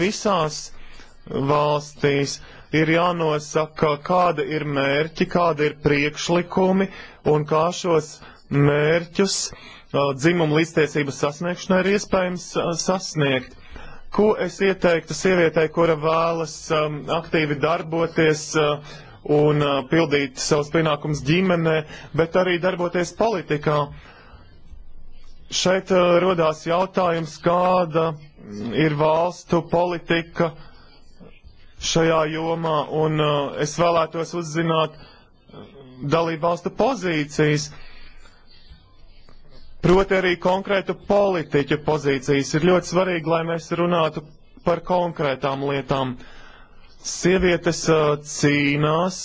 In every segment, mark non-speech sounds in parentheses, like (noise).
Visās valstīs ir jānosaka, kāda ir mērķi, kāda ir priekšlikumi un kā šos mērķus dzimumu līdztiesības sasniegšanai ir iespējams sasniegt. Ko es ieteiktu sievietei, kura vēlas um, aktīvi darboties uh, un uh, pildīt savus pienākumus ģimenē, bet arī darboties politikā? Uh, Šeit uh, rodās jautājums, kāda mm, ir valstu politika šajā jomā, un uh, es vēlētos uzzināt mm, dalību valstu pozīcijas. Proti arī konkrētu politiķu pozīcijas ir ļoti svarīgi, lai mēs runātu par konkrētām lietām. Uh, Sievietes uh, cīnās,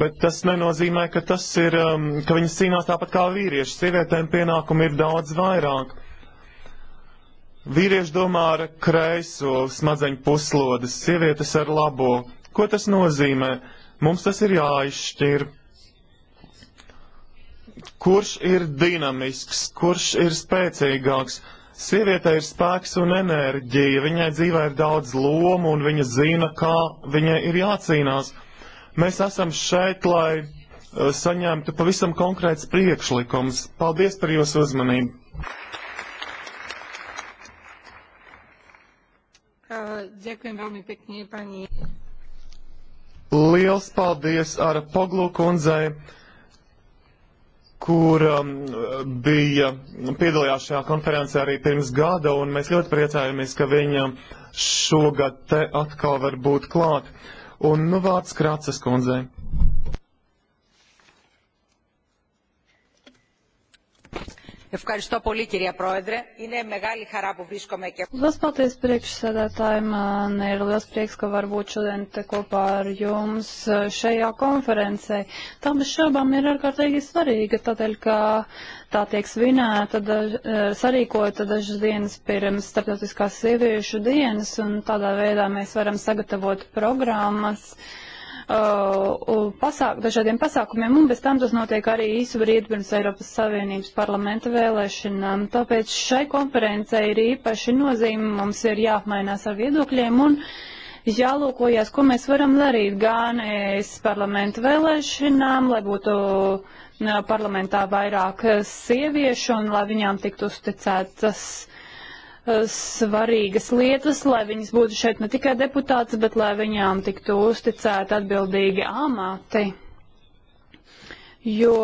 bet tas nenozīmē, ka, tas ir, um, ka viņas cīnās tāpat kā vīrieši. Sievietēm pienākumi ir daudz vairāk. Vīrieši domā ar kreiso smadzeņu puslodes, sievietes ar labo. Ko tas nozīmē? Mums tas ir jāizšķir. Kurš ir dinamisks, kurš ir spēcīgāks? Sievietei ir spēks un enerģija, viņai dzīvē ir daudz lomu un viņa zina, kā viņai ir jācīnās. Mēs esam šeit, lai eh, saņemtu pavisam konkrēts priekšlikums. Paldies par jūsu uzmanību! Ďakujem veľmi pekne, pani. Liels paldies Ara Poglu kundzei kur um, bija piedalījās šajā konferencē arī pirms gada, un mēs ļoti priecājamies, ka viņa šogad te atkal var būt klāt. Un nu vārds Krācas kundzei. Ευχαριστώ πολύ, κυρία Πρόεδρε. Είναι μεγάλη χαρά που βρίσκομαι και... Lielas paldies priekšsēdētāji. Man ir liels prieks, ka var būt šodien te kopā ar jums uh, šajā konferencē. Tā bez šaubām ir ārkārtīgi svarīga, tādēļ, ka tā tiek svinēta, daž, uh, sarīkota dažas dienas pirms starptautiskās sieviešu dienas, un tādā veidā mēs varam sagatavot programmas. Uh, uh, pasāk, dažādiem pasākumiem, un bez tam tas notiek arī īsu brīdi pirms Eiropas Savienības parlamenta vēlēšanām. Tāpēc šai konferencei ir īpaši nozīme, mums ir jāapmainās ar viedokļiem un jālūkojas, ko mēs varam darīt gan es parlamenta vēlēšanām, lai būtu uh, parlamentā vairāk sieviešu un lai viņām tiktu uzticētas Eh, svarīgas lietas, lai viņas būtu šeit ne tikai deputātas, bet lai viņām tiktu uzticēti atbildīgi amati. Jo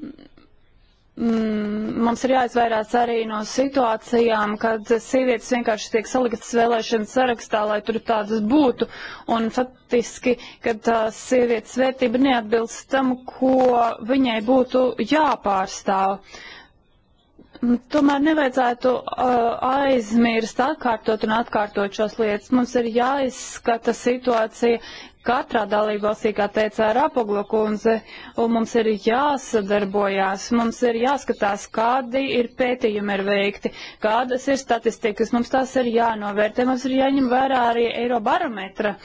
mm, mums ir jāizvairās arī no situācijām, kad sievietes vienkārši tiek saliktas vēlēšana sarakstā, lai tur tādas būtu, un faktiski, kad tā sievietes vērtība neatbilst tam, ko viņai būtu jāpārstāv. Uh, Tomēr nevajadzētu uh, aizmirst atkārtot un atkārtot šos lietas. Mums ir jāizskata situācija katrā dalībvalstī, kā teica Rapoglo kundze, un mums ir jāsadarbojās, mums ir jāskatās, kādi ir pētījumi ir veikti, kādas ir statistikas, mums tās ir jānovērtē, mums ir jāņem vērā arī Eirobarometra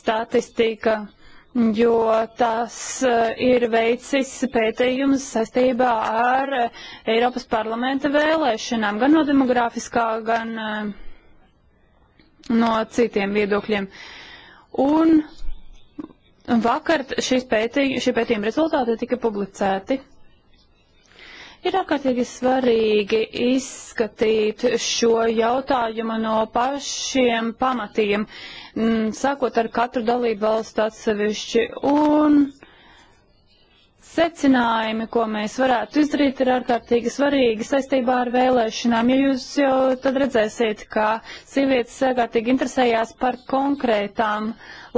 statistika. Uh, jo tas eh, ir veicis pētījums saistībā ar eh, Eiropas parlamenta vēlēšanām, gan no demografiskā, gan eh, no citiem viedokļiem. Un vakar šī pētījuma rezultāti tika publicēti. Ir ārkārtīgi svarīgi izskatīt šo jautājumu no pašiem pamatiem, mm, sākot ar katru dalību valstu atsevišķi un secinājumi, ko mēs varētu izdarīt, ir ārkārtīgi svarīgi saistībā ar vēlēšanām, jo jūs jau tad redzēsiet, ka sievietes ārkārtīgi interesējās par konkrētām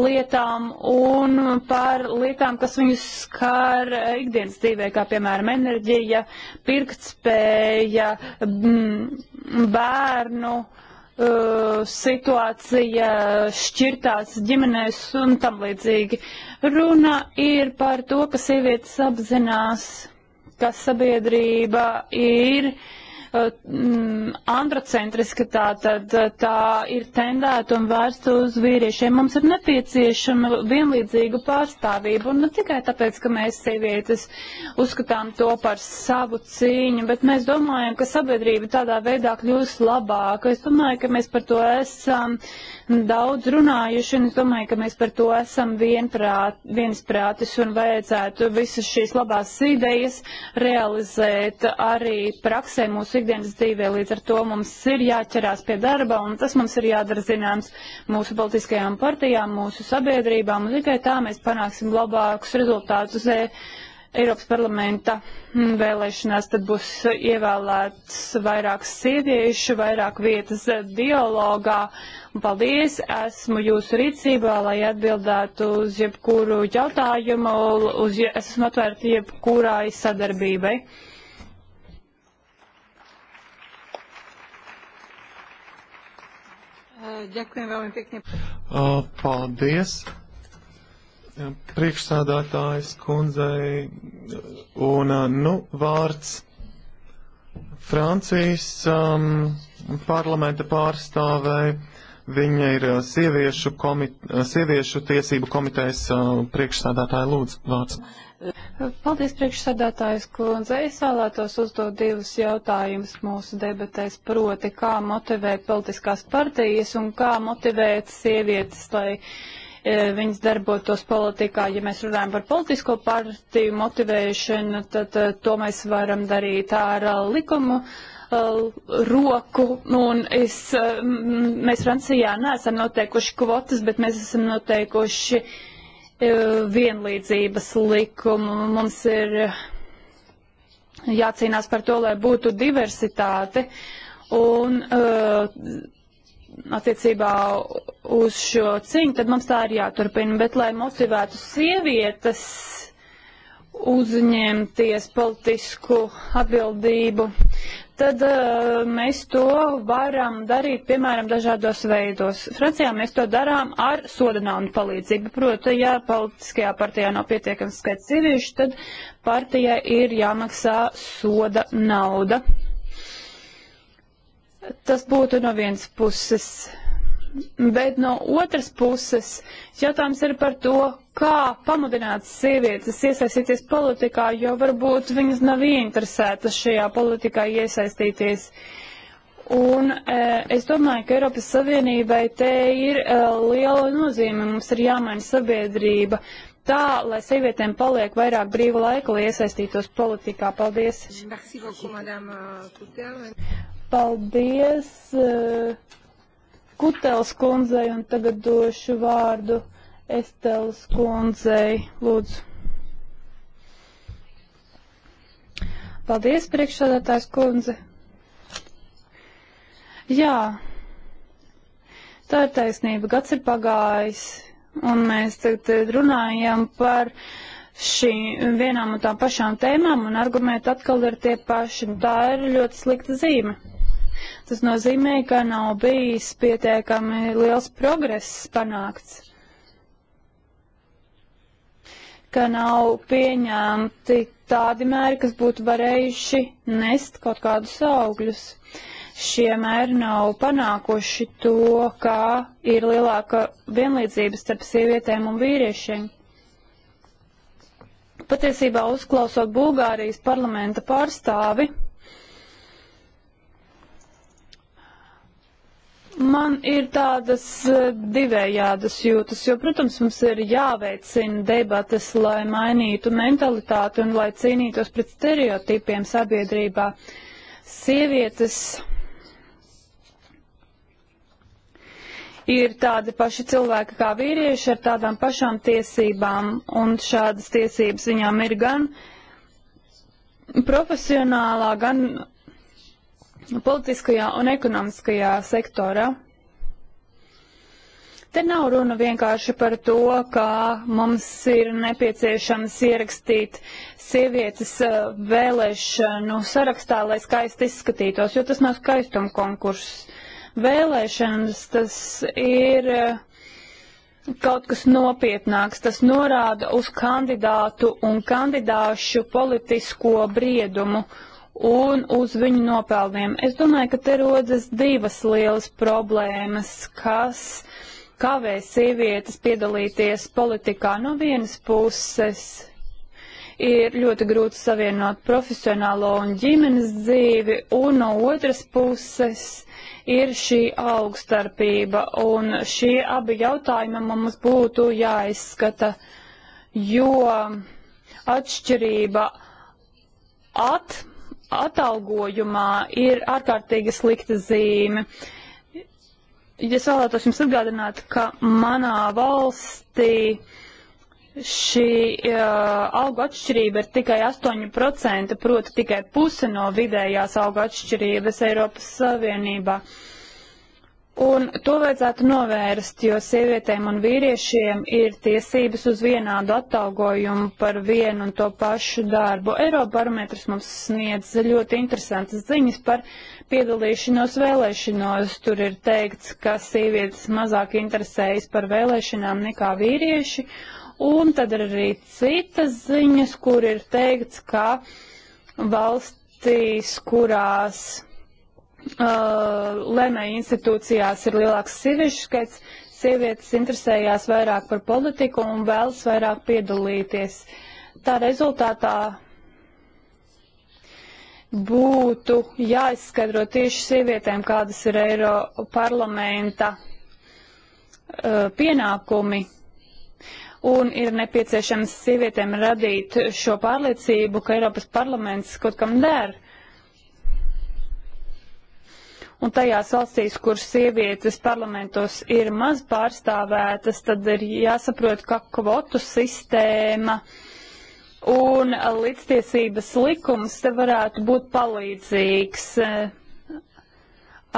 lietām un par lietām, kas viņus skar eh, ikdienas dzīvē, kā piemēram enerģija, pirktspēja, mm, bērnu. Uh, Uh, situācija šķirtās ģimenēs un tam līdzīgi. Runa ir par to, ka sievietes apzinās, ka sabiedrība ir uh, Eh, mm, androcentriska, tā tad eh, tā ir tendēta un vērsta uz vīriešiem. Mums ir nepieciešama vienlīdzīga pārstāvība, un ne tikai tāpēc, ka mēs sievietes uzskatām to par savu cīņu, bet mēs domājam, ka sabiedrība tādā veidā kļūs labāka. Es domāju, ka mēs par to esam daudz runājuši, un es domāju, ka mēs par to esam vienprāt, viensprātis un vajadzētu visas šīs labās idejas realizēt arī praksē mūsu ikdienas dzīvē. Līdz ar to mums ir jāķerās pie darba, un tas mums ir jādara zināms mūsu politiskajām partijām, mūsu sabiedrībām, un tikai tā mēs panāksim labākus rezultātus. E Eiropas parlamenta mm, vēlēšanās tad būs ievēlēts vairāk sieviešu, vairāk vietas dialogā. Un paldies, esmu jūsu rīcībā, lai atbildētu uz jebkuru jautājumu, uz, esmu atvērta jebkurai sadarbībai. Ďakujem veľmi pekne. Paldies priekšsādātājs kundzei un, nu, vārds Francijas um, parlamenta pārstāvēja. Viņa ir sieviešu, komit, sieviešu tiesību komitejas uh, priekšsādātāja lūdzu vārds. Paldies, priekšsādātājs kundze. Es vēlētos uzdot divus jautājumus mūsu debatēs, proti, kā motivēt politiskās partijas un kā motivēt sievietes, lai uh, E, viņas darbotos politikā. Ja mēs runājam par politisko partiju motivēšanu, tad e, to mēs varam darīt ar e, likumu roku, un es, mēs Francijā neesam noteikuši kvotas, bet mēs esam noteikuši vienlīdzības likumu. Mums ir jācīnās par to, lai būtu diversitāte, un uh, attiecībā uz šo cīņu, tad mums tā ir jāturpina. Bet, lai motivētu sievietes uzņemties politisku atbildību, tad uh, mēs to varam darīt, piemēram, dažādos veidos. Francijā mēs to darām ar soda naudu palīdzību. Proti, ja politiskajā partijā nav pietiekams skaits sieviešu, tad partijai ir jāmaksā soda nauda Tas būtu no vienas puses. Bet no otras puses jautājums ir par to, kā pamudināt sievietes iesaistīties politikā, jo varbūt viņas nav ieinteresētas šajā politikā iesaistīties. Un e, es domāju, ka Eiropas Savienībai te ir e, liela nozīme, mums ir jāmaina sabiedrība tā, lai sievietēm paliek vairāk brīva laika, lai iesaistītos politikā. Paldies! Paldies uh, Kutels kundzei un tagad došu vārdu Estels kundzei. Lūdzu. Paldies, priekšsādātājs kundze. Jā, tā ir taisnība. Gads ir pagājis, un mēs tagad runājam par šīm vienām un tām pašām tēmām, un argumenti atkal ir tie paši. Tā ir ļoti slikta zīme. Tas nozīmē, ka nav bijis pietiekami liels progress panākts, ka nav pieņemti tādi mēri, kas būtu varējuši nest kaut kādus augļus. Šie mēri nav panākuši to, kā ir lielāka vienlīdzība starp sievietēm un vīriešiem patiesībā uzklausot Bulgārijas parlamenta pārstāvi, Man ir tādas e, divējādas jūtas, jo, protams, mums ir jāveicina debates, lai mainītu mentalitāti un lai cīnītos pret stereotipiem sabiedrībā. Sievietes ir tādi paši cilvēki kā vīrieši ar tādām pašām tiesībām, un šādas tiesības viņām ir gan profesionālā, gan politiskajā un ekonomiskajā sektorā. Te nav runa vienkārši par to, kā mums ir nepieciešams ierakstīt sievietes eh, vēlēšanu sarakstā, lai skaisti izskatītos, jo tas nav skaistuma konkurss. Vēlēšanas tas ir eh, kaut kas nopietnāks, tas norāda uz kandidātu un kandidāšu politisko briedumu un uz viņu nopelniem. Es domāju, ka te rodas divas lielas problēmas, kas kavē sievietes piedalīties politikā no vienas puses ir ļoti grūti savienot profesionālo un ģimenes dzīvi, un no otras puses ir šī augstarpība, un šie abi jautājumi mums būtu jāizskata, jo atšķirība at atalgojumā ir ārkārtīgi slikta zīme. Es vēlētos jums atgādināt, ka manā valstī šī uh, algu atšķirība ir tikai 8%, proti tikai puse no vidējās algu atšķirības Eiropas Savienībā. Uh, Un to vajadzētu novērst, jo sievietēm un vīriešiem ir tiesības uz vienādu atalgojumu par vienu un to pašu darbu. Eirobarometrs mums sniedz ļoti interesantas ziņas par piedalīšanos vēlēšanos. Tur ir teikts, ka sievietes mazāk interesējas par vēlēšanām nekā vīrieši. Un tad ir arī citas ziņas, kur ir teikts, ka valstīs, kurās uh, lēmēju institūcijās ir lielāks sieviešu skaits, sievietes interesējās vairāk par politiku un vēlas vairāk piedalīties. Tā rezultātā būtu jāizskaidro tieši sievietēm, kādas ir Eiro parlamenta uh, pienākumi. Un ir nepieciešams sievietēm radīt šo pārliecību, ka Eiropas parlaments kaut kam der. Un tajās valstīs, kur sievietes parlamentos ir maz pārstāvētas, tad ir jāsaprot, ka kvotu sistēma un līdztiesības likums te varētu būt palīdzīgs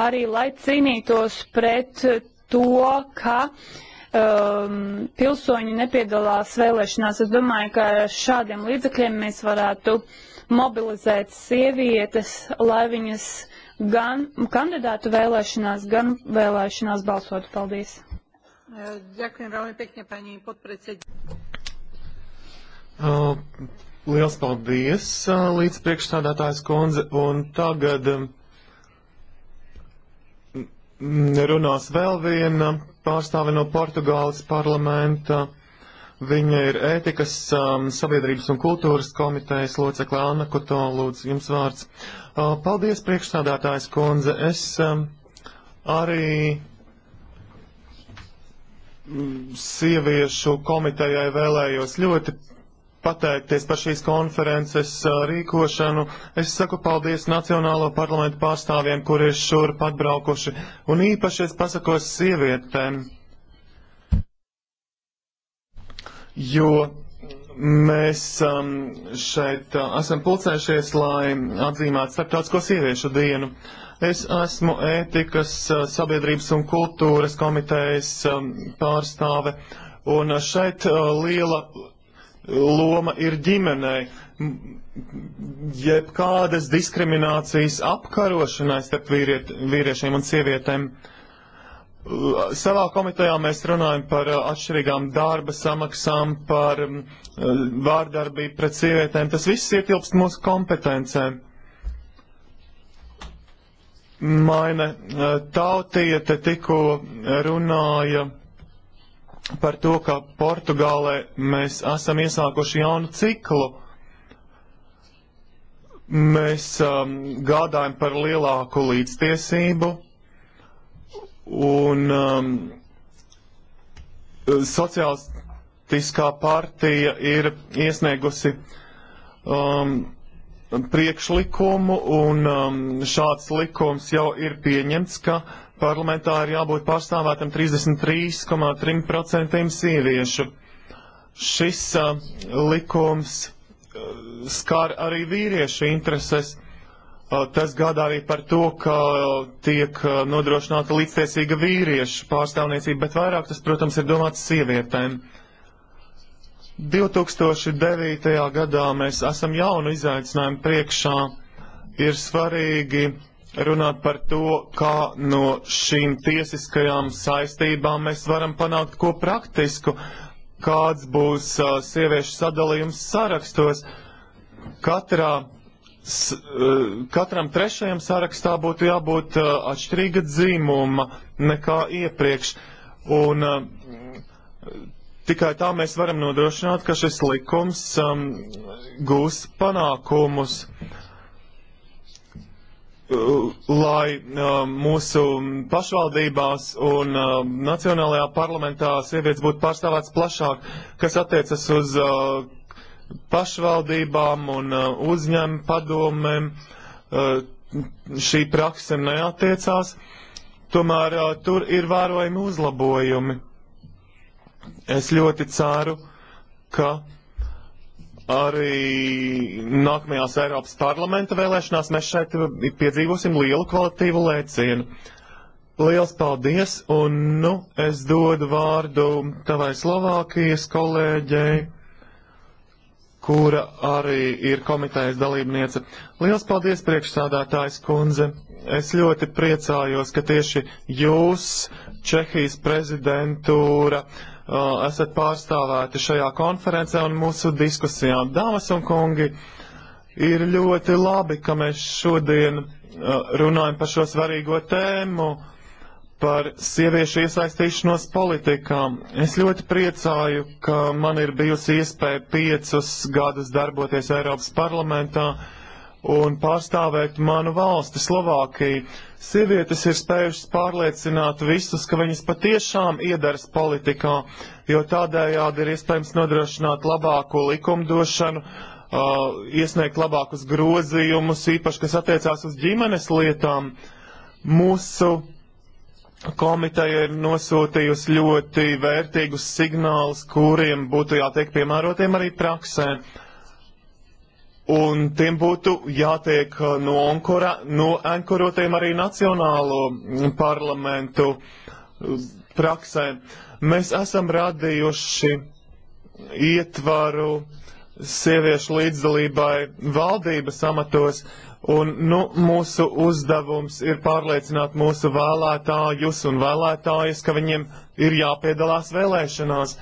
arī, lai cīnītos pret to, ka um, pilsoņi nepiedalās vēlēšanās. Es domāju, ka šādiem līdzekļiem mēs varētu mobilizēt sievietes, lai viņas gan kandidātu vēlēšanās, gan vēlēšanās balsot. Paldies! Ďakujem veľmi pekne, pani podpredsedníčka. Liels paldies, līdz priekšstādātājs kundze. Un tagad runās vēl viena pārstāve no Portugāles parlamenta. Viņa ir ētikas, um, sabiedrības un kultūras komitejas locekla Anna Koto, lūdzu, jums vārds. Uh, paldies, priekšstādātājs kundze. Es um, arī mm, sieviešu komitejai vēlējos ļoti pateikties par šīs konferences uh, rīkošanu. Es saku paldies Nacionālo parlamentu pārstāvjiem, kuri ir šur patbraukuši, un īpaši es pasakos sievietēm jo mēs um, šeit uh, esam pulcējušies, lai atzīmētu starptautisko sieviešu dienu. Es esmu ētikas, uh, sabiedrības un kultūras komitejas um, pārstāve, un šeit uh, liela loma ir ģimenei. Jebkādas diskriminācijas apkarošanai starp vīriet, vīriešiem un sievietēm. Uh, Savā komitejā mēs runājam par uh, atšķirīgām darba samaksām, par um, uh, vārdarbību pret sievietēm. Tas viss ietilpst mūsu kompetencē. Maina uh, tautiete tikko runāja par to, ka Portugālē mēs esam iesākuši jaunu ciklu mēs um, gādājam par lielāku līdztiesību, Un um, eh, sociālistiskā partija ir iesniegusi um, priekšlikumu, un um, šāds likums jau ir pieņemts, ka parlamentā ir jābūt pārstāvētam 33,3% sieviešu. Šis uh, likums uh, skar arī vīriešu intereses Tas gādā arī par to, ka tiek nodrošināta līdztiesīga vīriešu pārstāvniecība, bet vairāk tas, protams, ir domāts sievietēm. 2009. gadā mēs esam jaunu izaicinājumu priekšā. Ir svarīgi runāt par to, kā no šīm tiesiskajām saistībām mēs varam panākt ko praktisku, kāds būs uh, sieviešu sadalījums sarakstos. Katrā S, e, katram trešajam sarakstā būtu jābūt uh, atšķirīga dzīmuma nekā iepriekš. Un uh, tikai tā mēs varam nodrošināt, ka šis likums um, gūs panākumus, uh, lai um, mūsu pašvaldībās un um, nacionālajā parlamentā sievietes būtu pārstāvētas plašāk, kas attiecas uz uh, pašvaldībām un uh, uzņēmu padomēm uh, šī prakse neatiecās, tomēr uh, tur ir vērojami uzlabojumi. Es ļoti ceru, ka arī nākamajās Eiropas parlamenta vēlēšanās mēs šeit piedzīvosim lielu kvalitīvu lēcienu. Liels paldies, un nu es dodu vārdu tavai Slovākijas kolēģei kura arī ir komitejas dalībniece. Liels paldies, priekšsādātājs kundze! Es ļoti priecājos, ka tieši jūs, Čehijas prezidentūra, uh, esat pārstāvēti šajā konferencē un mūsu diskusijā. Dāmas un kungi, ir ļoti labi, ka mēs šodien uh, runājam par šo svarīgo tēmu par sieviešu iesaistīšanos politikā. Es ļoti priecāju, ka man ir bijusi iespēja piecus gadus darboties Eiropas parlamentā un pārstāvēt manu valsti, Slovākiju. Sievietes ir spējušas pārliecināt visus, ka viņas patiešām iedaras politikā, jo tādējādi ir iespējams nodrošināt labāku likumdošanu, uh, iesniegt labākus grozījumus, īpaši, kas attiecās uz ģimenes lietām. Mūsu komiteja ir nosūtījusi ļoti vērtīgus signālus, kuriem būtu jātiek piemērotiem arī praksē. Un tiem būtu jātiek uh, no, onkora, no ankorotiem arī nacionālo mm, parlamentu uh, praksē. Mēs esam radījuši ietvaru sieviešu līdzdalībai valdības amatos, uh, Un, nu, mūsu uzdevums ir pārliecināt mūsu vēlētājus un vēlētājus, ka viņiem ir jāpiedalās vēlēšanās.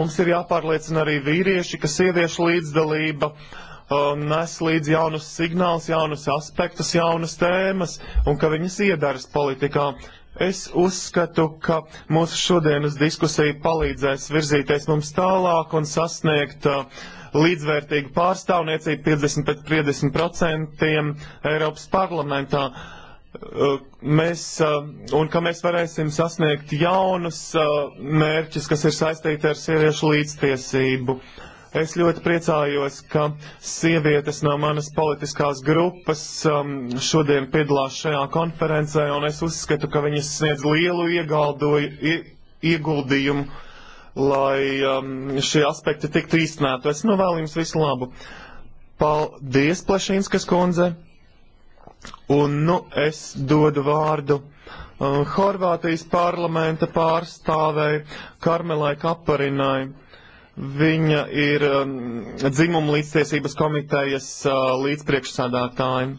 Mums ir jāpārliecina arī vīrieši, ka sieviešu līdzdalība um, nes līdz jaunus signālus, jaunus aspektus, jaunas tēmas un ka viņas iedaras politikā. Es uzskatu, ka mūsu šodienas diskusija palīdzēs virzīties mums tālāk un sasniegt uh, līdzvērtīga pārstāvniecība 50 pret 50% Eiropas parlamentā. Uh, mēs, uh, un ka mēs varēsim sasniegt jaunus uh, mērķus, kas ir saistīti ar sieviešu līdztiesību. Es ļoti priecājos, ka sievietes no manas politiskās grupas um, šodien piedalās šajā konferencē, un es uzskatu, ka viņas sniedz lielu ieguldījumu lai um, šie aspekti tiktu īstenēti. Es novēlu nu jums visu labu. Paldies, Plešīnskas kundze. Un nu es dodu vārdu uh, Horvātijas parlamenta pārstāvei Karmelai Kaparinai. Viņa ir um, dzimuma līdztiesības komitejas uh, līdzpriekšsādātāja.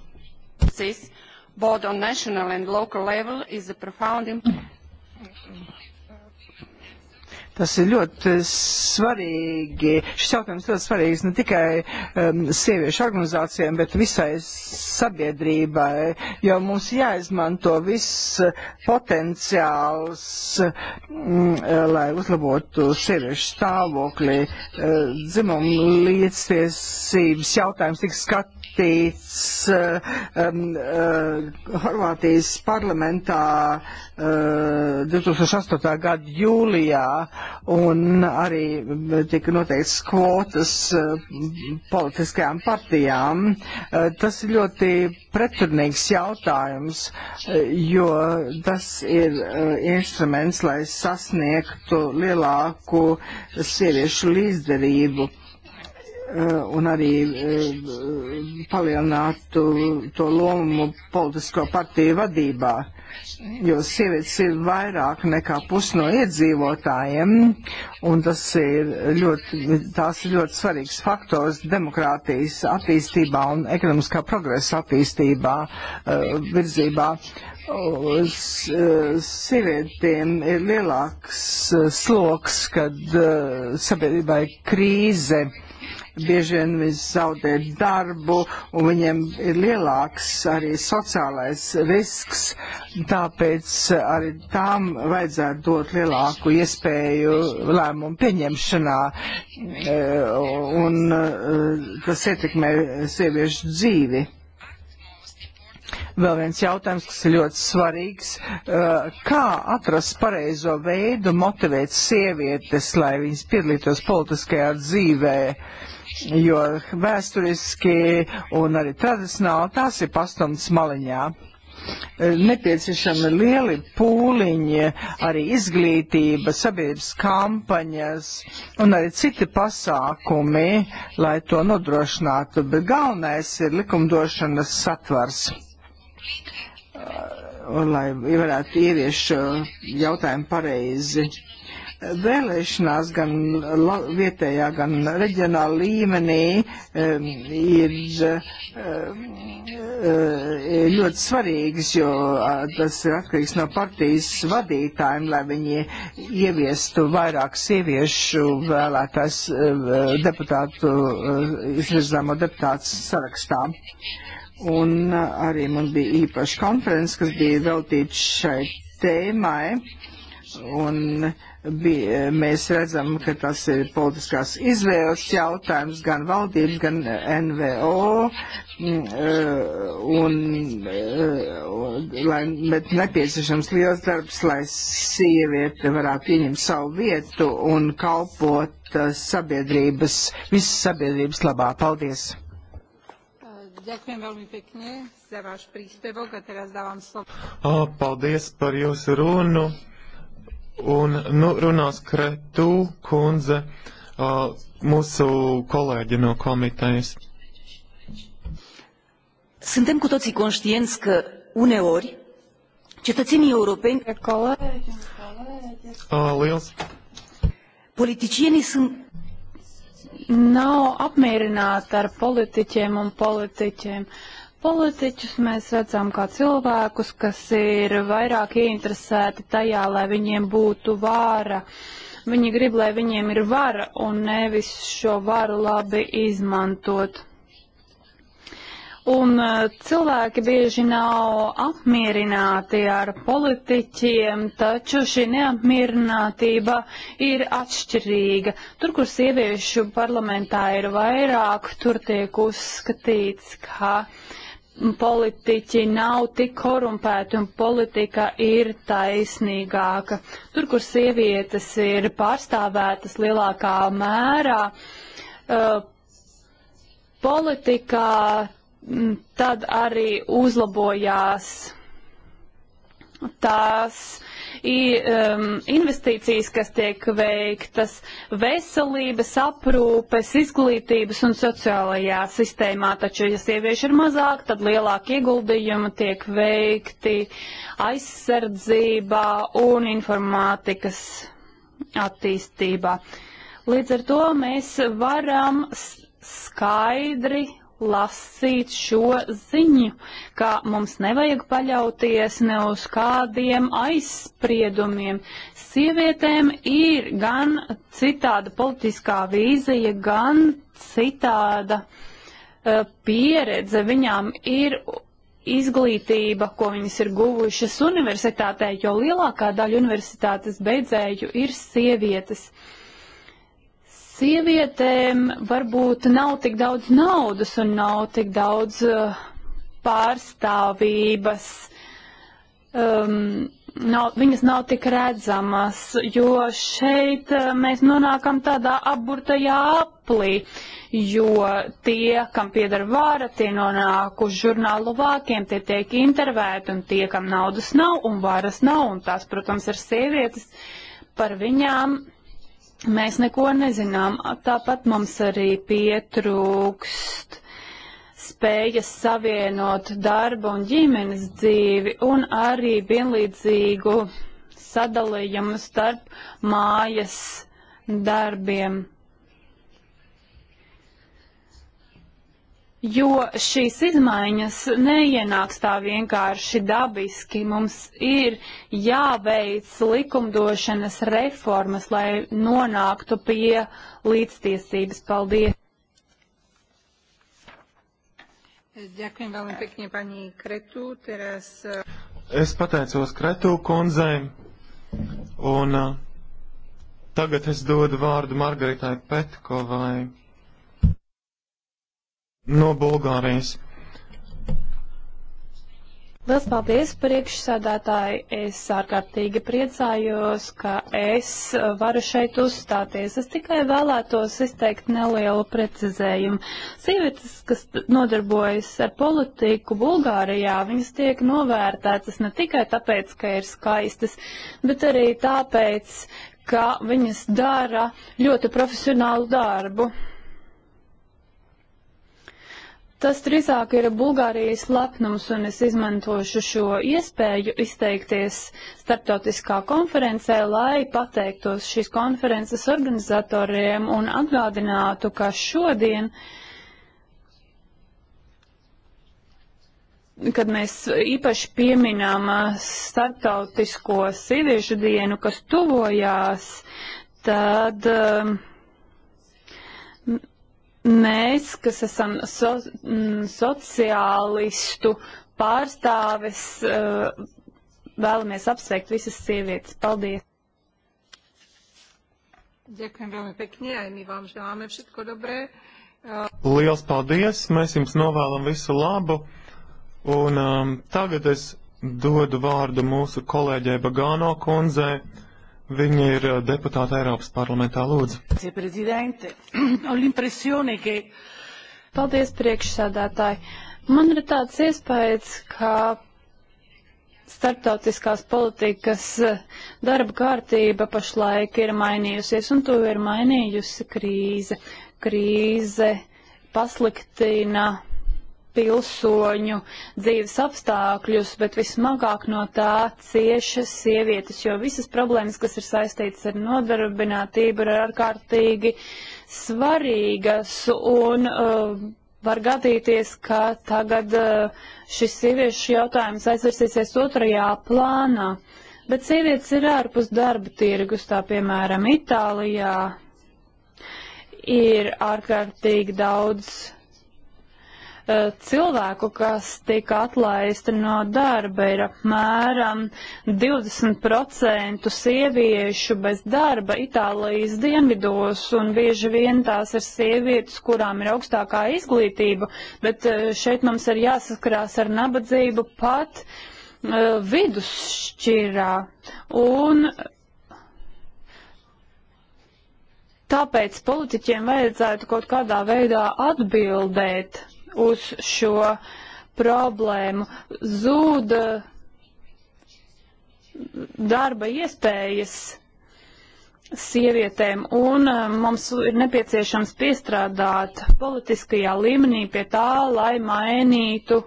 Both on national and local level is a profound impact. Tas ir ļoti svarīgi. Šis jautājums ļoti svarīgs ne tikai um, sieviešu organizācijām, bet visai sabiedrībai, jo mums jāizmanto viss potenciāls, um, lai uzlabotu sieviešu stāvokli. Uh, dzimumu līdztiesības jautājums tiks skatīts rakstīts eh, um, uh, Horvātijas parlamentā uh, eh, 2008. gada jūlijā, un arī tika noteikts kvotas uh, politiskajām partijām. Uh, tas ir ļoti pretrunīgs jautājums, uh, jo tas ir uh, instruments, lai sasniegtu lielāku sieviešu līdzdarību Eh, un arī eh, palielinātu to lomu politisko partiju vadībā, jo sievietes ir vairāk nekā pus no iedzīvotājiem, un tas ir ļoti, tās ir ļoti svarīgs faktors demokrātijas attīstībā un ekonomiskā progresa attīstībā, eh, virzībā. Sievietēm ir lielāks sloks, kad sabiedrībai krīze bieži vien viņi zaudē darbu un viņiem ir lielāks arī sociālais risks, tāpēc arī tām vajadzētu dot lielāku iespēju lēmumu pieņemšanā e, un e, tas ietekmē sieviešu dzīvi. Vēl viens jautājums, kas ir ļoti svarīgs. E, kā atrast pareizo veidu motivēt sievietes, lai viņas piedalītos politiskajā dzīvē? Uh, jo vēsturiski un arī tradicionāli tās ir pastumts maliņā e, nepieciešami lieli pūliņi, arī izglītība, sabiedrības kampaņas un arī citi pasākumi, lai to nodrošinātu. Bet galvenais ir likumdošanas satvars, e, lai varētu ievieš jautājumu pareizi vēlēšanās gan la, vietējā, gan reģionāla līmenī um, ir um, ļoti svarīgas, jo tas ir atkarīgs no partijas vadītājiem, lai viņi ieviestu vairāk sieviešu vēlētājs eh, deputātu, eh, izvirzāmo deputātu sarakstā. Un arī man bija īpaša konferences, kas bija veltīta šai tēmai Un bija, mēs redzam, ka tas ir politiskās izvēles jautājums gan valdības, gan NVO, mm, uh, un, uh, lai, bet nepieciešams liels darbs, lai sieviete varētu ieņemt savu vietu un kalpot uh, sabiedrības, visas sabiedrības labā. Paldies! Ďakujem veľmi pekne za váš príspevok a teraz dávam slovo. Paldies par jūsu runu. Un nu, runās Kretu kundze, uh, mūsu kolēģi no komitejas. Suntem cu toții conștienți că uneori cetățenii europeni colegi, colegi. politicienii sunt nav apmierināti ar politiķiem un politiķiem. Uh, Politiķus mēs redzam kā cilvēkus, kas ir vairāk ieinteresēti tajā, lai viņiem būtu vāra. Viņi grib, lai viņiem ir vara un nevis šo varu labi izmantot. Un eh, cilvēki bieži nav apmierināti ar politiķiem, taču šī neapmierinātība ir atšķirīga. Tur, kur sieviešu parlamentā ir vairāk, tur tiek uzskatīts, ka uh, politiķi nav tik korumpēti un politika ir taisnīgāka. Tur, kur sievietes ir pārstāvētas lielākā mērā, eh, politikā mm, tad arī uzlabojās tās um, investīcijas, kas tiek veiktas veselības, aprūpes, izglītības un sociālajā sistēmā. Taču, ja sievieši ir mazāk, tad lielāki ieguldījumi tiek veikti aizsardzībā un informātikas attīstībā. Līdz ar to mēs varam skaidri lasīt šo ziņu, ka mums nevajag paļauties ne uz kādiem aizspriedumiem. Sievietēm ir gan citāda politiskā vīzija, gan citāda uh, pieredze. Viņām ir izglītība, ko viņas ir guvušas universitātē, jo lielākā daļa universitātes beidzēju ir sievietes. Uh, sievietēm varbūt nav tik daudz naudas un nav tik daudz eh, pārstāvības. Um, nav, viņas nav tik redzamas, jo šeit eh, mēs nonākam tādā apburtajā aplī, jo tie, kam pieder vāra, tie nonāk uz žurnālu vākiem, tie tiek intervēti un tie, kam naudas nav un vāras nav, un tās, protams, ir sievietes, par viņām Mēs neko nezinām. Tāpat mums arī pietrūkst spējas savienot darbu un ģimenes dzīvi un arī vienlīdzīgu sadalījumu starp mājas darbiem. jo šīs izmaiņas neienāks tā vienkārši dabiski. Mums ir jāveic likumdošanas reformas, lai nonāktu pie līdztiesības. Paldies! Ďakujem veľmi pekne pani Kretu. Teraz... Eh, es pateicos Kretu kundzei un uh, tagad es dodu vārdu Margaritai Petkovai no Bulgārijas. Liels paldies, priekšsādātāji! Es ārkārtīgi priecājos, ka es varu šeit uzstāties. Es tikai vēlētos izteikt nelielu precizējumu. Sievietes, kas nodarbojas ar politiku Bulgārijā, viņas tiek novērtētas ne tikai tāpēc, ka ir skaistas, bet arī tāpēc, ka viņas dara ļoti profesionālu darbu. Tas drīzāk ir Bulgārijas lepnums, un es izmantošu šo iespēju izteikties starptautiskā konferencē, lai pateiktos šīs konferences organizatoriem un atgādinātu, ka šodien, kad mēs īpaši pieminām uh, starptautisko sieviešu dienu, kas tuvojās, tad. Uh, mēs, kas esam so, m, mm, sociālistu pārstāves, eh, vēlamies apsveikt visas sievietes. Paldies! Ďakujem veľmi pekne, aj my vám želáme všetko dobré. Eh, Liels paldies, mēs jums novēlam visu labu. Un um, tagad es dodu vārdu mūsu kolēģei Bagāno kundzei Viņa ir deputāta Eiropas parlamentā lūdzu. (clears throat) Paldies, priekšsādātāji. Man ir tāds iespējas, ka starptautiskās politikas darba kārtība pašlaik ir mainījusies, un to ir mainījusi krīze. Krīze pasliktina pilsoņu dzīves apstākļus, bet vismagāk no tā cieša sievietes, jo visas problēmas, kas ir saistītas ar nodarbinātību, ir ārkārtīgi svarīgas un uh, var gadīties, ka tagad uh, šis sieviešu jautājums aizvērsīsies otrajā plānā. Bet sievietes ir ārpus darba tirgus, tā piemēram Itālijā ir ārkārtīgi daudz Eh, cilvēku, kas tika atlaisti no darba, ir apmēram 20% sieviešu bez darba Itālijas dienvidos, un bieži vien tās ir sievietes, kurām ir augstākā izglītība, bet eh, šeit mums ir jāsaskarās ar nabadzību pat uh, vidusšķirā. Un tāpēc politiķiem vajadzētu kaut kādā veidā atbildēt uz šo problēmu. Zūda darba iespējas sievietēm, un eh, mums ir nepieciešams piestrādāt politiskajā līmenī pie tā, lai mainītu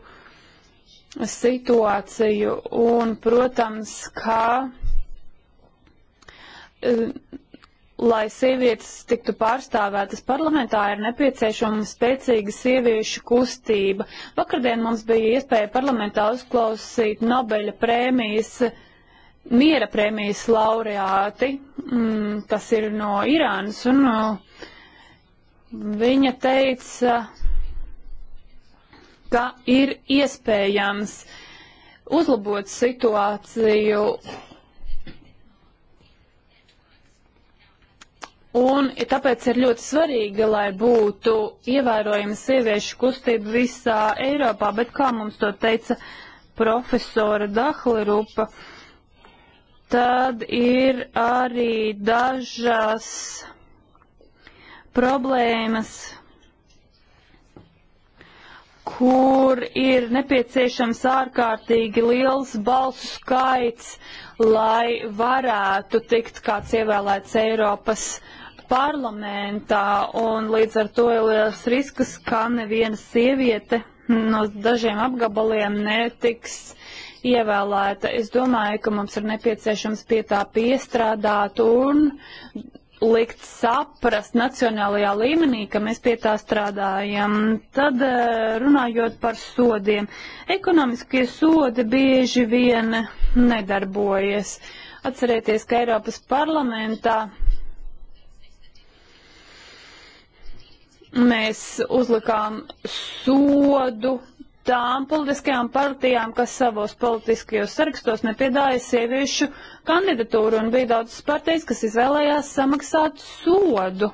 situāciju. Un, protams, kā lai sievietes tiktu pārstāvētas parlamentā, ir nepieciešama spēcīga sieviešu kustība. Vakardien mums bija iespēja parlamentā uzklausīt Nobeļa prēmijas, miera prēmijas laureāti, kas mm, ir no Irānas, un uh, viņa teica, ka ir iespējams uzlabot situāciju Un tāpēc ir ļoti svarīgi, lai būtu ievērojama sieviešu kustība visā Eiropā, bet kā mums to teica profesora Dahlerupa, tad ir arī dažas problēmas, kur ir nepieciešams ārkārtīgi liels balsu skaits, lai varētu tikt kāds ievēlēts Eiropas uh, parlamentā, un līdz ar to ir liels risks, ka neviena sieviete no dažiem apgabaliem netiks ievēlēta. Es domāju, ka mums ir nepieciešams pie tā piestrādāt un likt saprast nacionālajā līmenī, ka mēs pie tā strādājam. Tad eh, runājot par sodiem, ekonomiskie sodi bieži vien nedarbojas. Atcerieties, ka Eiropas parlamentā Mēs uzlikām sodu tām politiskajām partijām, kas savos politiskajos sarakstos nepiedāja sieviešu kandidatūru, un bija daudzas partijas, kas izvēlējās samaksāt sodu.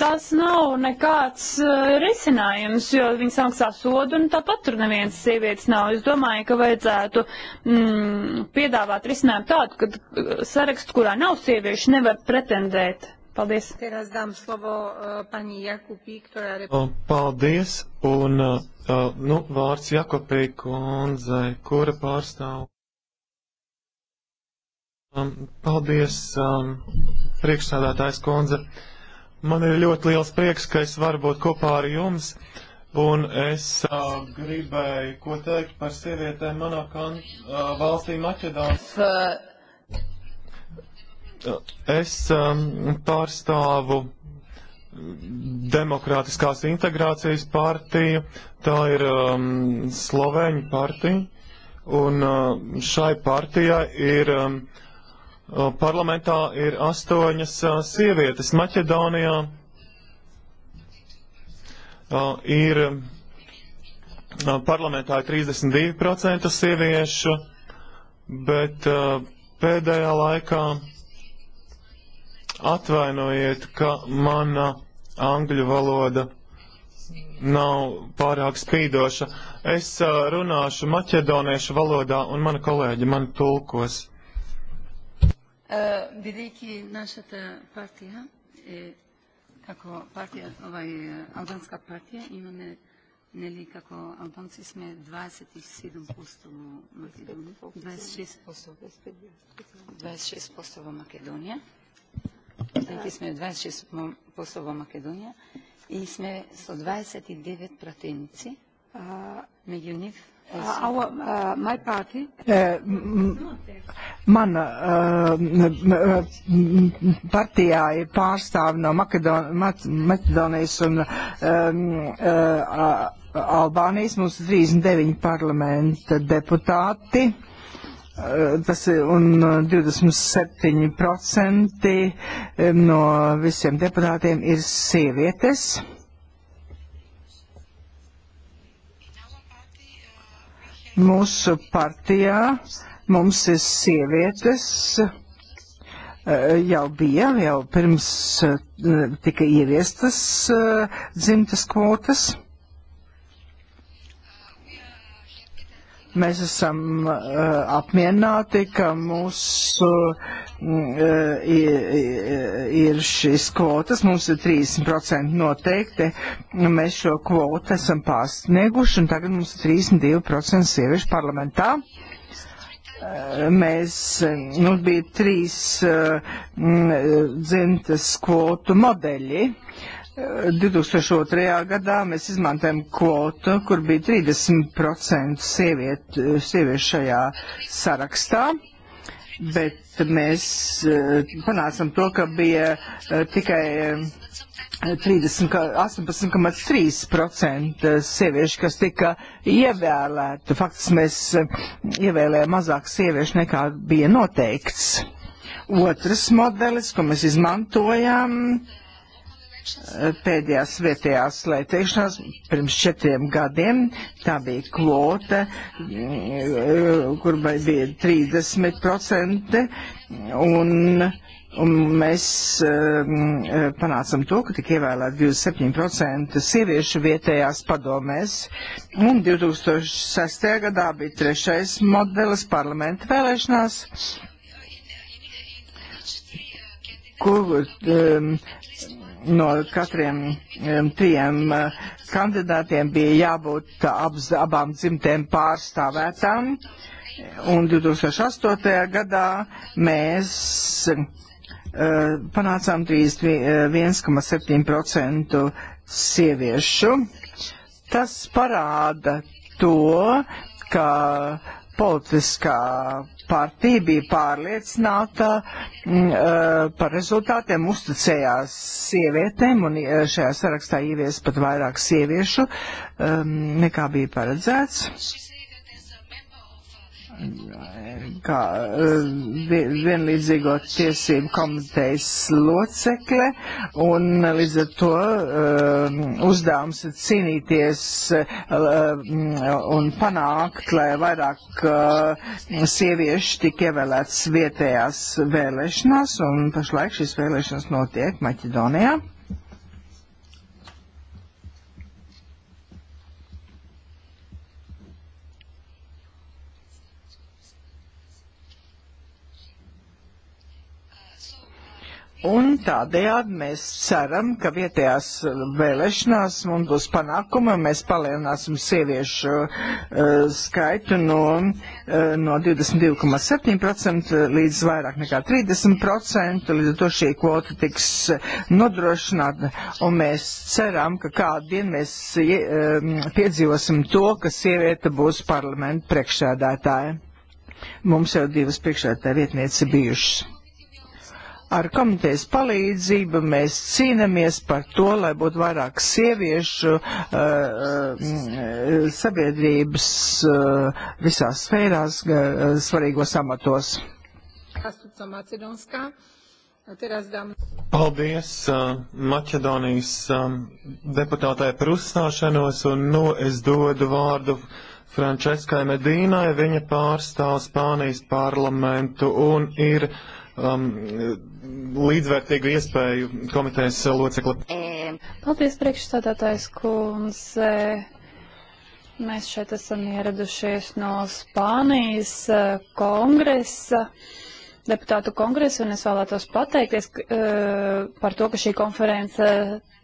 Tas nav nekāds uh, risinājums, jo viņi samaksā sodu, un tāpat tur nevienas sievietes nav. Es domāju, ka vajadzētu mm, piedāvāt risinājumu tādu, ka eh, sarakstu, kurā nav sieviešu, nevar pretendēt Paldies. Teraz dām slovo uh, pani Jakupī, ktorā... Paldies, un uh, nu, vārds Jakupī kundzei, kura pārstāv. Um, paldies, um, priekšsādātājs kundze. Man ir ļoti liels prieks, ka es varu būt kopā ar jums, un es uh, gribēju ko teikt par sievietēm manā kan, uh, valstī Maķedonijā. Es um, pārstāvu Demokrātiskās integrācijas partiju, tā ir um, Slovēņu partija, un uh, šai partijai ir um, uh, parlamentā ir astoņas uh, sievietes. Maķedonijā uh, ir um, uh, parlamentā ir 32% sieviešu, bet uh, pēdējā laikā uh, Atvainojiet, ka mana angļu valoda nav pārāk spīdoša. Es runāšu maķedoniešu valodā, un mana kolēģi man tulkos. Vidiki našata partija, kako partija, ovaj, albanska partija, imame Нели, како албанци сме 27% во Македонија, 26% во Македонија. Останки сме 26 послова Македонија и сме со 29 противници, меѓу нив Uh, our, uh, my party. Uh, man eh, partijā ir pārstāvi no Makedon Maķedonijas un eh, Albānijas. Mums ir 39 parlamenta deputāti. Eh, tas ir un 27% eh, eh, no visiem deputātiem ir sievietes. Mūsu partijā mums ir sievietes, jau bija, jau pirms tika ieviestas dzimtas kvotas. Mēs esam uh, apmierināti, ka mūsu uh, ir, ir šīs kvotas, mums ir 30% noteikti, mēs šo kvotu esam pārsnieguši un tagad mums ir 32% sieviešu parlamentā. Eh, mēs, nu, bija trīs uh, dzimtas kvotu modeļi. Uh, 2002. gadā mēs izmantojam kvotu, kur bija 30% sieviet, sieviešu šajā sarakstā, bet mēs eh, panācam to, ka bija eh, tikai 18,3% eh, sieviešu, kas tika ievēlēta. Faktiski mēs ievēlējām mazāk sieviešu nekā bija noteikts. Otrs modelis, ko mēs izmantojām, uh, pēdējās vietējās lētīšanās pirms četriem gadiem. Tā bija kvota, kur bija 30%, un, un mēs um, panācam to, ka tika ievēlēt 27% sieviešu vietējās padomēs, un 2006. gadā bija trešais modelis parlamenta vēlēšanās. Kur, um, no katriem um, tiem uh, kandidātiem bija jābūt abz, abām dzimtēm pārstāvētām. Un 2008. gadā mēs uh, panācām 31,7% eh, sieviešu. Tas parāda to, ka politiskā partija bija pārliecināta mm, eh, par rezultātiem, uzticējās sievietēm un eh, šajā sarakstā ievies pat vairāk sieviešu ehm, nekā bija paredzēts kā vienlīdzīgo tiesību komitejas locekle, un līdz ar to uh, uzdevums ir cīnīties uh, un panākt, lai vairāk uh, sieviešu tik ievēlētas vietējās vēlēšanās, un pašlaik šīs vēlēšanas notiek Maķedonijā. Un tādējādi mēs ceram, ka vietējās vēlēšanās mums būs panākuma, mēs palielināsim sieviešu uh, skaitu no, uh, no 22,7% līdz vairāk nekā 30%, līdz to šī kvota tiks eh, nodrošināta. Un mēs ceram, ka kādu dienu mēs uh, piedzīvosim to, ka sieviete būs parlamenta priekšsēdētāja. Mums jau divas priekšsēdētāja vietniece bijušas. Ar komitejas palīdzību mēs cīnāmies par to, lai būtu vairāk sieviešu uh, sabiedrības uh, visās sfērās, uh, svarīgos amatos. Paldies uh, Maķedonijas um, deputātai par uzstāšanos, un nu es dodu vārdu Franceskai Medīnai. Viņa pārstāv Spānijas parlamentu un ir um, līdzvērtīgu iespēju komitejas locekli. Paldies, priekšstādātājs kundze. Mēs šeit esam ieradušies no Spānijas eh, kongresa, deputātu kongresa, un es vēlētos pateikties eh, par to, ka šī konference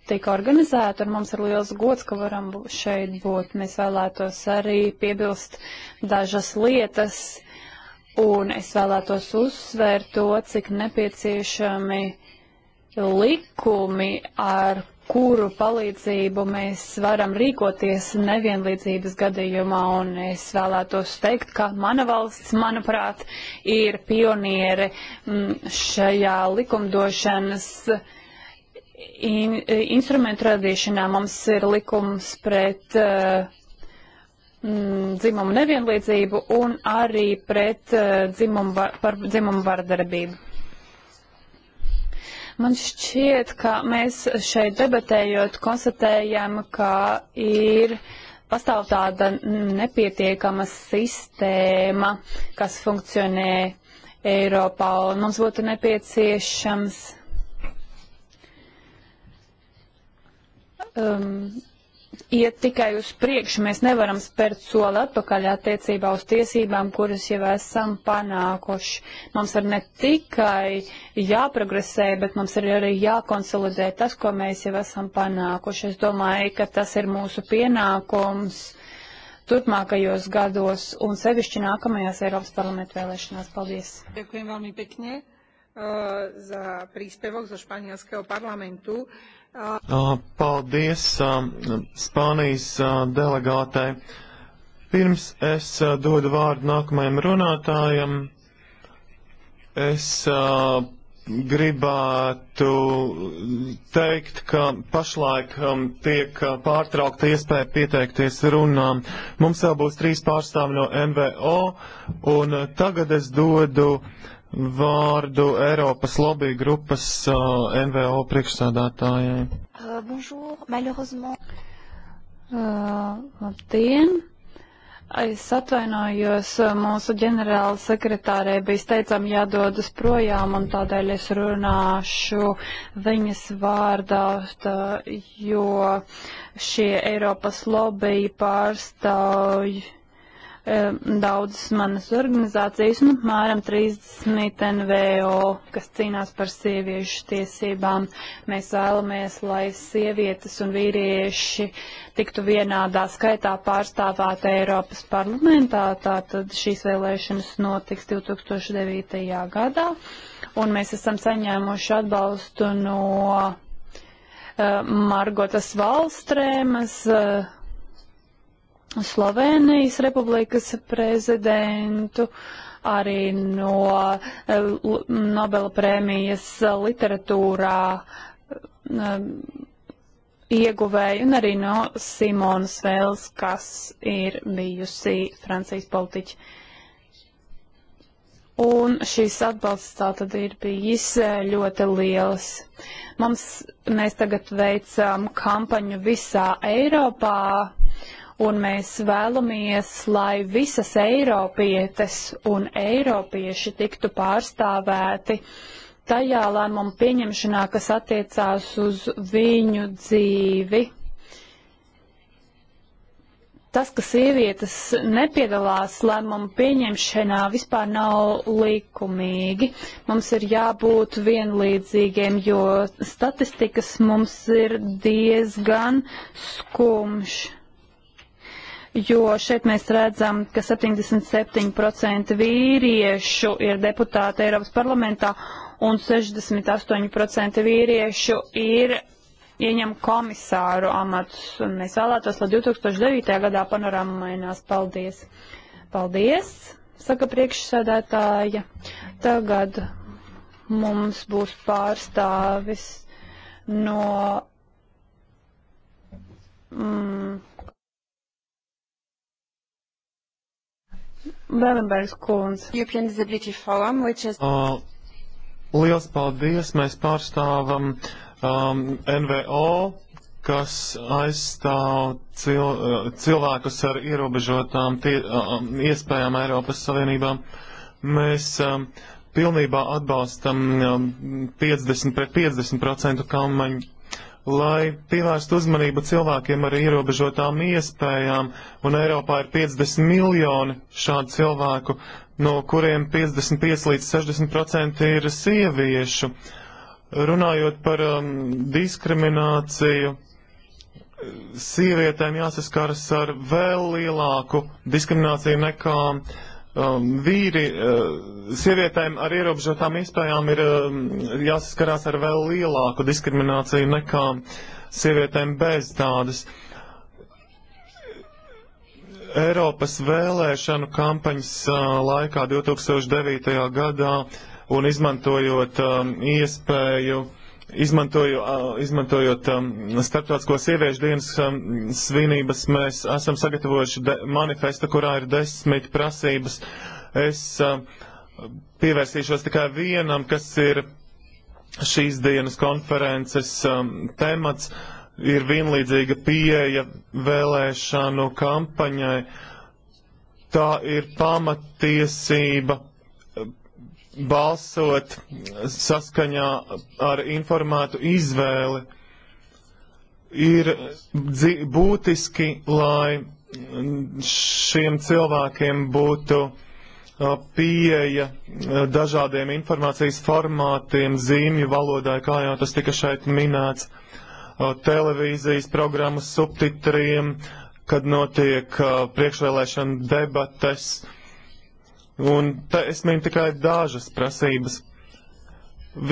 tika organizēta, un mums ir liels gods, ka varam šeit būt. Mēs vēlētos arī piebilst dažas lietas un es vēlētos uzsvērt to, cik nepieciešami likumi, ar kuru palīdzību mēs varam rīkoties nevienlīdzības gadījumā, un es vēlētos teikt, ka mana valsts, manuprāt, ir pioniere mm, šajā likumdošanas in, instrumentu radīšanā. Mums ir likums pret uh, mm, dzimumu nevienlīdzību un arī pret uh, dzimumu, var, par dzimumu vardarbību. Man šķiet, ka mēs šeit debatējot konstatējam, ka ir pastāv tāda nepietiekama sistēma, kas funkcionē Eiropā, un mums būtu nepieciešams um, iet tikai uz priekšu, mēs nevaram spērt soli atpakaļ attiecībā uz tiesībām, kuras jau esam panākuši. Mums ir ne tikai jāprogresē, bet mums ir arī jākonsolidē tas, ko mēs jau esam panākuši. Es domāju, ka tas ir mūsu pienākums turpmākajos gados un sevišķi nākamajās Eiropas parlamentu vēlēšanās. Paldies! Ďakujem veľmi pekne uh, za príspevok zo španielského parlamentu. Uh, paldies um, Spānijas uh, delegātai. Pirms es uh, dodu vārdu nākamajam runātājam, es gribētu teikt, ka pašlaik um, tiek pārtraukta iespēja pieteikties runām. Mums vēl būs trīs pārstāvi no MVO, un tagad es dodu vārdu Eiropas lobby grupas uh, NVO priekšsādātājai. Uh, bonjour, malheureusement. Uh, labdien! Es atvainojos, uh, mūsu ģenerāla sekretārē bija steidzam jādodas projām, un tādēļ es runāšu viņas vārdā, tā, jo šie Eiropas lobby pārstāvji Um, daudzas manas organizācijas un nu, apmēram 30 NVO, kas cīnās par sieviešu tiesībām. Mēs vēlamies, lai sievietes un vīrieši tiktu vienādā skaitā pārstāvāt Eiropas parlamentā. Tātad šīs vēlēšanas notiks 2009. gadā. Un mēs esam saņēmuši atbalstu no uh, Margotas Valstrēmas, uh, Slovenijas republikas prezidentu, arī no eh, Nobela prēmijas literatūrā eh, ieguvēju un arī no Simonas Vēls, kas ir bijusi Francijas politiķa. Un šīs atbalsts tā tad ir bijis eh, ļoti liels. Mums, mēs tagad veicam kampaņu visā Eiropā, un mēs vēlamies, lai visas Eiropietes un Eiropieši tiktu pārstāvēti tajā lēmumu pieņemšanā, kas attiecās uz viņu dzīvi. Tas, ka sievietes nepiedalās lēmumu pieņemšanā, vispār nav likumīgi. Mums ir jābūt vienlīdzīgiem, jo statistikas mums ir diezgan skumšs jo šeit mēs redzam, ka 77% vīriešu ir deputāti Eiropas parlamentā un 68% vīriešu ir ieņem komisāru amatus. Un mēs vēlētos, lai 2009. gadā panorāma mainās. Paldies! Paldies! Saka priekšsēdētāja. Tagad mums būs pārstāvis no. Mm, Belenbergs kundze. European Disability Forum, which is... Uh, liels paldies, mēs pārstāvam um, NVO, kas aizstāv cil, uh, cilvēkus ar ierobežotām tie, um, iespējām Eiropas Savienībā. Mēs um, pilnībā atbalstam um, 50 pret 50 procentu kampaņu lai pievērstu uzmanību cilvēkiem ar ierobežotām iespējām, un Eiropā ir 50 miljoni šādu cilvēku, no kuriem 55 līdz 60% ir sieviešu. Runājot par um, diskrimināciju, sievietēm jāsaskaras ar vēl lielāku diskrimināciju nekā uh, um, vīri, uh, sievietēm ar ierobežotām iespējām ir um, jāsaskarās ar vēl lielāku diskrimināciju nekā sievietēm bez tādas. Eiropas vēlēšanu kampaņas uh, laikā 2009. gadā un izmantojot um, iespēju uh, Izmantoju, izmantojot um, starptautisko sieviešu dienas um, svinības, mēs esam sagatavojuši manifestu, kurā ir desmit prasības. Es um, pievērsīšos tikai vienam, kas ir šīs dienas konferences um, temats. Ir vienlīdzīga pieeja vēlēšanu kampaņai. Tā ir pamatiesība balsot saskaņā ar informētu izvēli. Ir būtiski, lai šiem cilvēkiem būtu pieeja dažādiem informācijas formātiem, zīmju valodai, kā jau tas tika šeit minēts, televīzijas programmas subtitriem, kad notiek priekšvēlēšana debates Un te es minu tikai dažas prasības.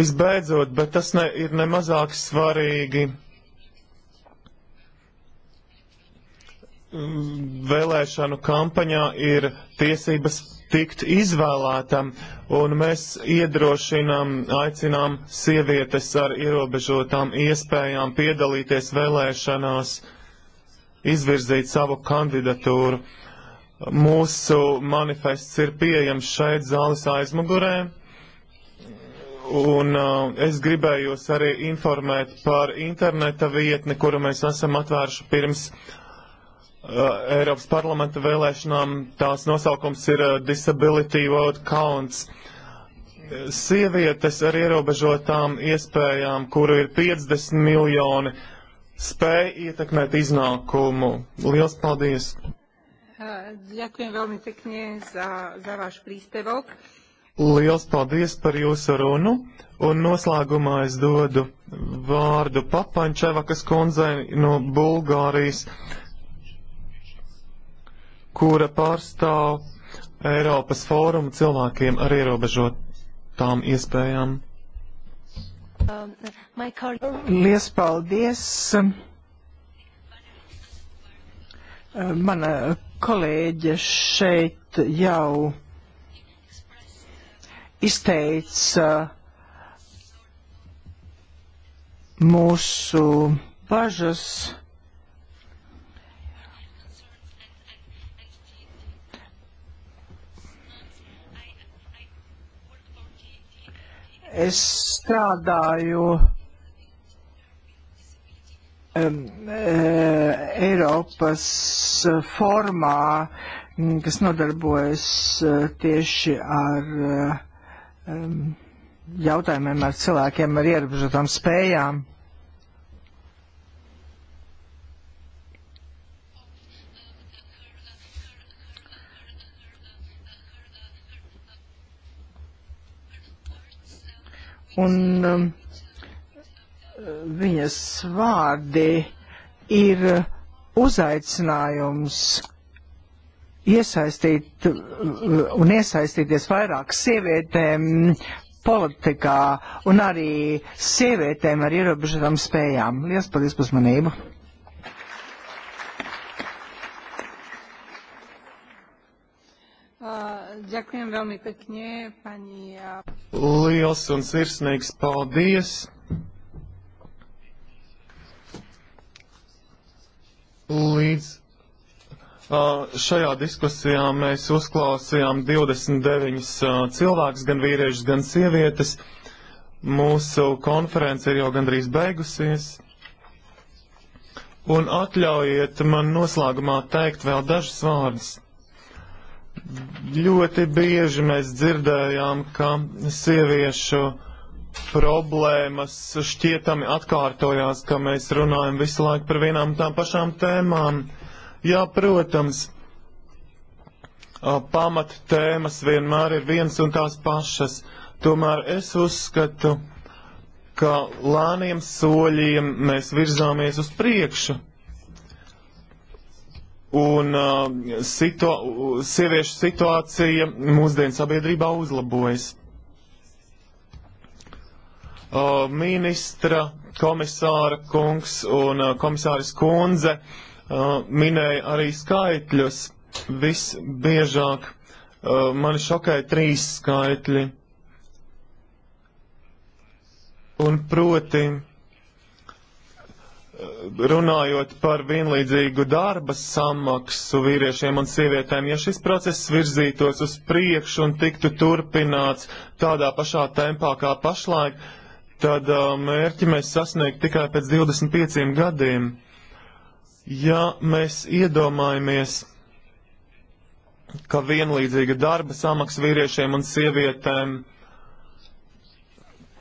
Visbeidzot, bet tas ne, ir nemazāk svarīgi. Mm, vēlēšanu kampaņā ir tiesības tikt izvēlētam, un mēs iedrošinām, aicinām sievietes ar ierobežotām iespējām piedalīties vēlēšanās, izvirzīt savu kandidatūru. Uh, Mūsu manifests ir pieejams šeit zāles aizmugurē. Un uh, es gribējos arī informēt par interneta vietni, kuru mēs esam atvēruši pirms uh, Eiropas parlamenta vēlēšanām. Tās nosaukums ir uh, Disability World Counts. Sievietes ar ierobežotām iespējām, kuru ir 50 miljoni, spēja ietekmēt iznākumu. Liels paldies! E, ďakujem veľmi pekne za, za váš príspevok. Liels paldies par jūsu runu, un noslēgumā es dodu vārdu Papančevakas kundzei no Bulgārijas, kura pārstāv Eiropas fórumu cilvēkiem ar ierobežotām iespējām. Liels paldies! Mana kolēģe šeit jau izteica mūsu bažas. Es strādāju Um, uh, Eiropas formā, mm, kas nodarbojas uh, tieši ar uh, um, jautājumiem ar cilvēkiem ar ierobežotām spējām. Un um, viņas vārdi ir uzaicinājums iesaistīt un iesaistīties vairāk sievietēm politikā un arī sievietēm ar ierobežotām spējām. Lielas paldies par uzmanību! Ďakujem veľmi pekne, pani. Liels un sirsnīgs paldies! Līdz šajā diskusijā mēs uzklausījām 29 cilvēkus, gan vīriešus, gan sievietes. Mūsu konference ir jau gandrīz beigusies. Un atļaujiet man noslēgumā teikt vēl dažus vārdus. Ļoti bieži mēs dzirdējām, ka sieviešu uh, problēmas šķietami atkārtojās, ka mēs runājam visu laiku par vienām tām pašām tēmām. Jā, protams, pamat tēmas vienmēr ir viens un tās pašas. Tomēr es uzskatu, ka lāniem soļiem mēs virzāmies uz priekšu. Un uh, situa sieviešu situācija mūsdienu sabiedrībā uzlabojas ministra, komisāra kungs un komisāris kundze minēja arī skaitļus. Visbiežāk mani šokēja trīs skaitļi. Un proti, runājot par vienlīdzīgu darba samaksu vīriešiem un sievietēm, ja šis process virzītos uz priekšu un tiktu turpināts tādā pašā tempā kā pašlaik, tad uh, mērķi mēs sasniegt tikai pēc 25 gadiem. Ja mēs iedomājamies, ka vienlīdzīga darba samaksa vīriešiem un sievietēm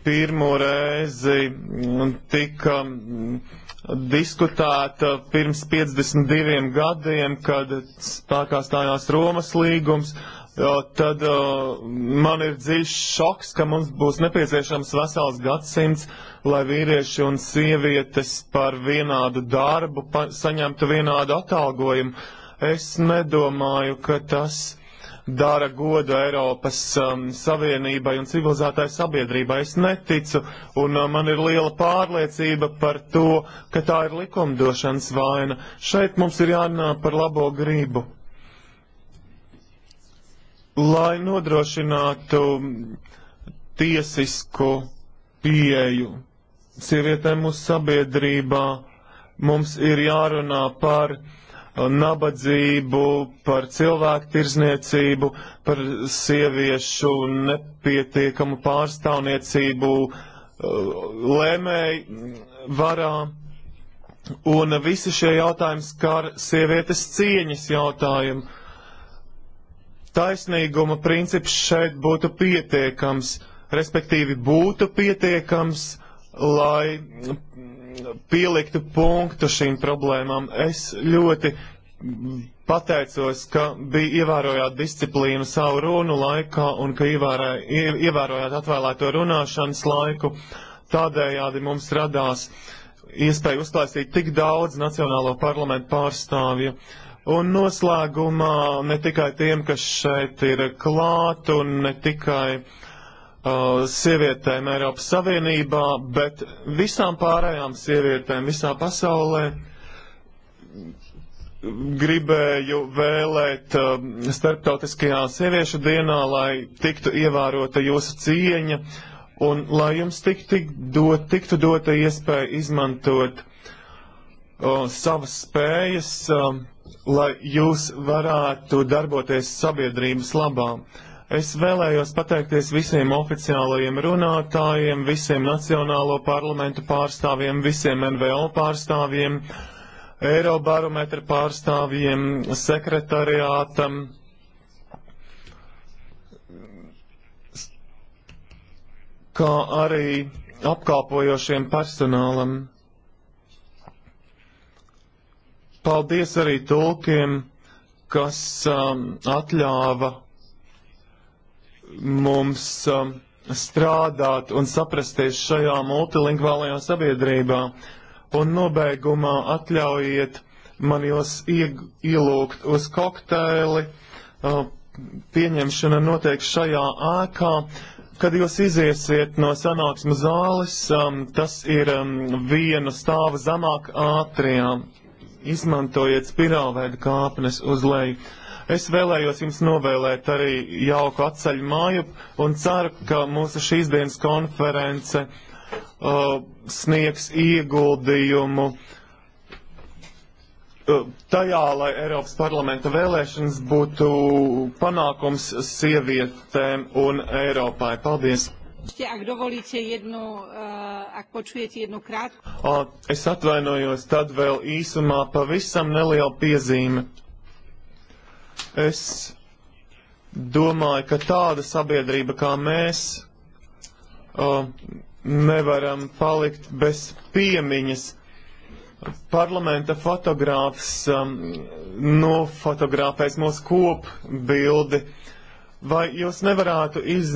pirmo reizi mm, tika mm, diskutēta pirms 52 gadiem, kad spēkā stājās Romas līgums, tad uh, man ir dziļš šoks, ka mums būs nepieciešams vesels gadsimts, lai vīrieši un sievietes par vienādu darbu saņemtu vienādu atalgojumu. Es nedomāju, ka tas dara godu Eiropas um, Savienībai un civilizētāju sabiedrībai. Es neticu, un uh, man ir liela pārliecība par to, ka tā ir likumdošanas vaina. Šeit mums ir jārunā par labo gribu lai nodrošinātu tiesisku pieeju sievietēm mūsu sabiedrībā. Mums ir jārunā par nabadzību, par cilvēku tirzniecību, par sieviešu nepietiekamu pārstāvniecību eh, lēmēji varā. Un visi šie jautājumi skar sievietes cieņas jautājumu taisnīguma princips šeit būtu pietiekams, respektīvi būtu pietiekams, lai pieliktu punktu šīm problēmām. Es ļoti pateicos, ka bija ievērojāt disciplīnu savu runu laikā un ka ievērē, ievērojāt atvēlēto runāšanas laiku. Tādējādi mums radās iespēja uzklāstīt tik daudz Nacionālo parlamentu pārstāvju. Uh, Un noslēgumā ne tikai tiem, kas šeit ir klāt, un ne tikai uh, sievietēm Eiropas Savienībā, bet visām pārējām sievietēm visā pasaulē gribēju vēlēt uh, starptautiskajā sieviešu dienā, lai tiktu ievērota jūsu cieņa un lai jums tik, tik dot, tiktu dota iespēja izmantot uh, savas spējas. Uh, lai jūs varētu darboties sabiedrības labām. Es vēlējos pateikties visiem oficiālajiem runātājiem, visiem Nacionālo parlamentu pārstāvjiem, visiem NVO pārstāvjiem, Eirobarometra pārstāvjiem, sekretariātam. kā arī apkalpojošiem personālam. Paldies arī tulkiem, kas um, atļāva mums um, strādāt un saprasties šajā multilingvālajā sabiedrībā. Un nobeigumā atļaujiet man jūs ielūgt uz kokteili. Uh, pieņemšana notiek šajā ēkā. Kad jūs iziesiet no sanāksmes zāles, um, tas ir um, vienu stāvu zemāk ātrijām izmantojiet spirālveidu kāpnes uz leju. Es vēlējos jums novēlēt arī jauku atceļu māju un ceru, ka mūsu šīs dienas konference uh, sniegs ieguldījumu uh, tajā, lai Eiropas parlamenta vēlēšanas būtu panākums sievietēm un Eiropai. Paldies! Ešte, ak dovolíte jednu, eh, ak počujete jednu krátku. O, es atvainojos, tad vēl īsumā pavisam neliela piezīme. Es domāju, ka tāda sabiedrība kā mēs o, nevaram palikt bez piemiņas. Parlamenta fotogrāfs um, nofotografēs mūsu kopbildi. Vai jūs nevarētu iz,